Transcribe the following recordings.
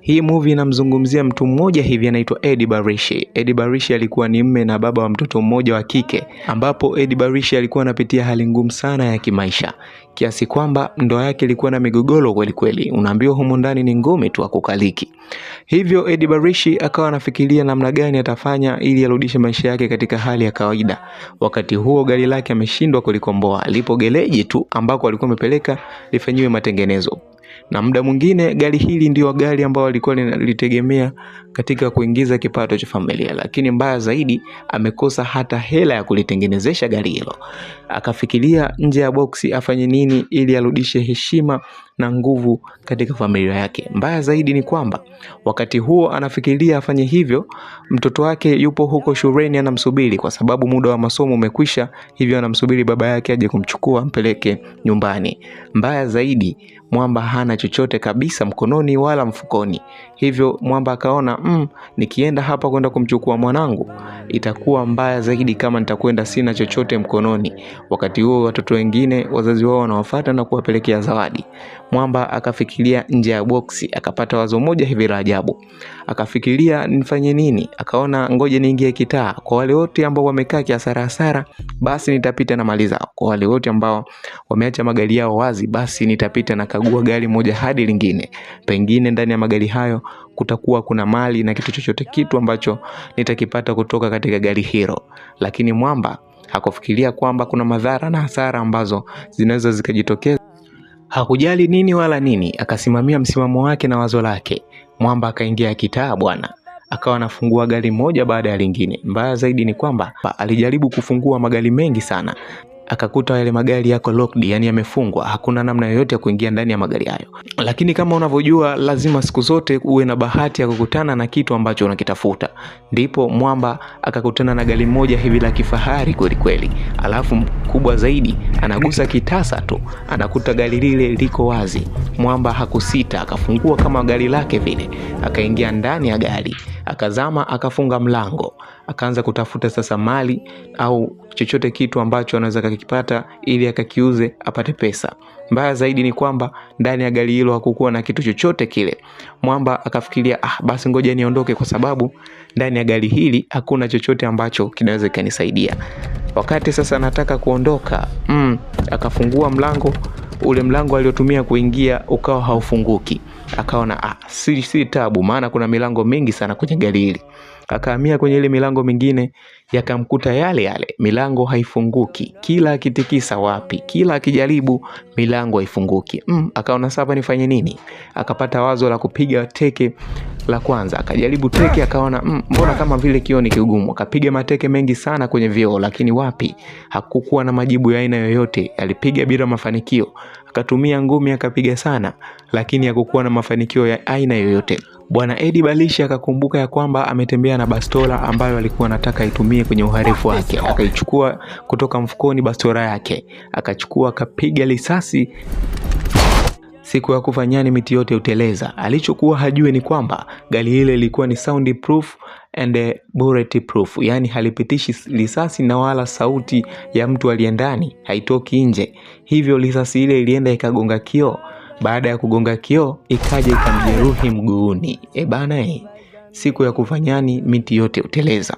Hii movie inamzungumzia mtu mmoja hivi anaitwa Eddie Barishi. Eddie Barishi alikuwa ni mme na baba wa mtoto mmoja wa kike, ambapo Eddie Barishi alikuwa anapitia hali ngumu sana ya kimaisha kiasi kwamba ndoa yake ilikuwa na migogoro kweli kweli. Unaambiwa humo ndani ni ngome tu akukaliki. Hivyo Eddie Barishi akawa anafikiria namna gani atafanya ili arudishe maisha yake katika hali ya kawaida. Wakati huo gari lake ameshindwa kulikomboa, lipo gereji tu ambako alikuwa amepeleka lifanyiwe matengenezo na muda mwingine gari hili ndio gari ambayo alikuwa linalitegemea katika kuingiza kipato cha familia, lakini mbaya zaidi amekosa hata hela ya kulitengenezesha gari hilo. Akafikiria nje ya boksi afanye nini ili arudishe heshima na nguvu katika familia yake. Mbaya zaidi ni kwamba wakati huo anafikiria afanye hivyo, mtoto wake yupo huko shuleni anamsubiri, kwa sababu muda wa masomo umekwisha, hivyo anamsubiri baba yake aje kumchukua ampeleke nyumbani. Mbaya zaidi, Mwamba hana chochote kabisa mkononi wala mfukoni. Hivyo mwamba akaona mm, nikienda hapa kwenda kumchukua mwanangu itakuwa mbaya zaidi kama nitakwenda sina chochote mkononi. Wakati huo watoto wengine wazazi wao wanawafuata na kuwapelekea zawadi. Mwamba akafikiria nje ya boksi, akapata wazo moja hivi la ajabu. Akafikiria nifanye nini? Akaona ngoje niingie kitaa. Kwa wale wote ambao wamekaa kiasara basi nitapita na mali zao. Kwa wale wote ambao wameacha magari yao wazi, basi nitapita na kagua gari moja hadi lingine. Pengine ndani ya magari hayo kutakuwa kuna mali na kitu chochote, kitu ambacho nitakipata kutoka katika gari hilo. Lakini Mwamba hakufikiria kwamba kuna madhara na hasara ambazo zinaweza zikajitokeza. Hakujali nini wala nini, akasimamia msimamo wake na wazo lake. Mwamba akaingia kitaa bwana, akawa anafungua gari moja baada ya lingine. Mbaya zaidi ni kwamba alijaribu kufungua magari mengi sana, akakuta yale magari yako locked, yani yamefungwa, hakuna namna yoyote ya kuingia ndani ya magari hayo. Lakini kama unavyojua, lazima siku zote uwe na bahati ya kukutana na kitu ambacho unakitafuta. Ndipo mwamba akakutana na gari moja hivi la kifahari kweli kweli, alafu mkubwa zaidi anagusa kitasa tu anakuta gari lile liko wazi. Mwamba hakusita, akafungua kama gari lake vile, akaingia ndani ya gari akazama akafunga mlango, akaanza kutafuta sasa mali au chochote kitu ambacho anaweza kakipata ili akakiuze apate pesa. Mbaya zaidi ni kwamba ndani ya gari hilo hakukuwa na kitu chochote kile. Mwamba akafikiria ah, basi ngoja niondoke, kwa sababu ndani ya gari hili hakuna chochote ambacho kinaweza kikanisaidia. Wakati sasa anataka kuondoka, mm, akafungua mlango ule mlango aliotumia kuingia ukawa haufunguki, akaona ah, si, si tabu, maana kuna milango mingi sana kwenye gari hili. Akahamia kwenye ile milango mingine, yakamkuta yale yale, milango haifunguki. Kila akitikisa wapi, kila akijaribu milango haifunguki. Mm, akaona sasa nifanye nini? Akapata wazo la kupiga teke la kwanza akajaribu teke akaona mm, mbona kama vile kio ni kigumu, akapiga mateke mengi sana kwenye vioo, lakini wapi, hakukuwa na majibu ya aina yoyote. Alipiga bila mafanikio, akatumia ngumi akapiga sana, lakini hakukuwa na mafanikio ya aina yoyote. Bwana Edi balishi akakumbuka ya kwamba ametembea na bastola ambayo alikuwa anataka itumie kwenye uharifu wake. Akaichukua kutoka mfukoni bastola yake, akachukua akapiga risasi Siku ya kufanyani miti yote uteleza Alichokuwa hajue ni kwamba gari ile ilikuwa ni soundproof and bulletproof, yaani halipitishi risasi na wala sauti ya mtu aliye ndani haitoki nje. Hivyo risasi ile ilienda ikagonga kioo. Baada ya kugonga kioo, ikaja ikamjeruhi mguuni. E bana e. Siku ya kufanyani miti yote uteleza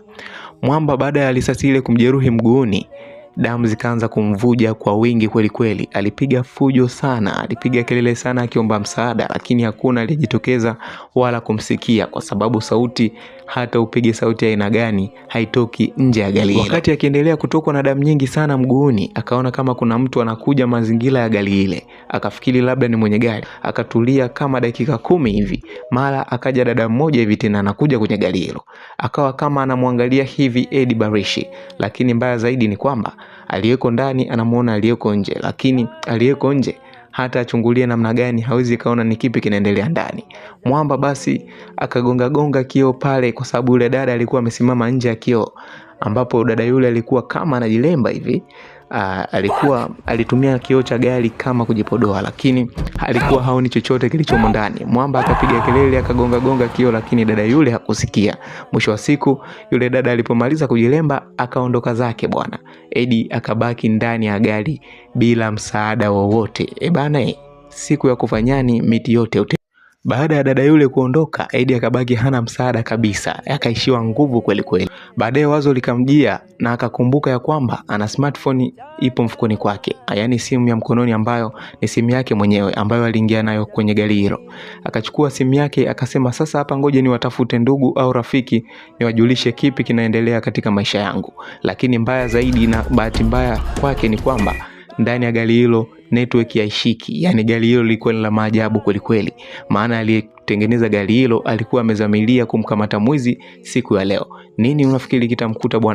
Mwamba baada ya risasi ile kumjeruhi mguuni damu zikaanza kumvuja kwa wingi kweli kweli. Alipiga fujo sana, alipiga kelele sana akiomba msaada, lakini hakuna aliyejitokeza wala kumsikia, kwa sababu sauti, hata upige sauti aina gani, haitoki nje ya gari. Wakati akiendelea kutokwa na damu nyingi sana mguuni, akaona kama kuna mtu anakuja mazingira ya gari ile, akafikiri labda ni mwenye gari, akatulia kama dakika kumi hivi. Mara akaja dada mmoja hivi tena anakuja kwenye gari hilo, akawa kama anamwangalia hivi Edi Barishi, lakini mbaya zaidi ni kwamba aliyeko ndani anamwona aliyeko nje, lakini aliyeko nje hata achungulie namna gani hawezi kaona ni kipi kinaendelea ndani. Mwamba basi akagonga gonga kioo pale, kwa sababu yule dada alikuwa amesimama nje ya kioo, ambapo dada yule alikuwa kama anajilemba hivi uh, alikuwa alitumia kioo cha gari kama kujipodoa, lakini alikuwa haoni chochote kilichomo ndani. Mwamba akapiga kelele, akagonga gonga lakini dada yule hakusikia. Mwisho wa siku, yule dada alipomaliza kujilemba akaondoka zake bwana. Edi akabaki ndani ya gari bila msaada wowote. E bana, siku ya kufanyani miti yote baada ya dada yule kuondoka, Edi akabaki hana msaada kabisa, akaishiwa nguvu kweli kweli. Baadaye wazo likamjia na akakumbuka ya kwamba ana smartphone ipo mfukoni kwake, yaani simu ya mkononi ambayo ni simu yake mwenyewe ambayo aliingia nayo kwenye gari hilo. Akachukua simu yake akasema, sasa hapa ngoje ni watafute ndugu au rafiki niwajulishe kipi kinaendelea katika maisha yangu. Lakini mbaya zaidi na bahati mbaya kwake ni kwamba ndani ya gari hilo network ishiki Yani gari hilo lilikuwa ni la maajabu kwelikweli, maana aliyetengeneza gari hilo alikuwa amezamilia kumkamata mwizi siku ya leo. Nini unafikiri kitamkuta bwana?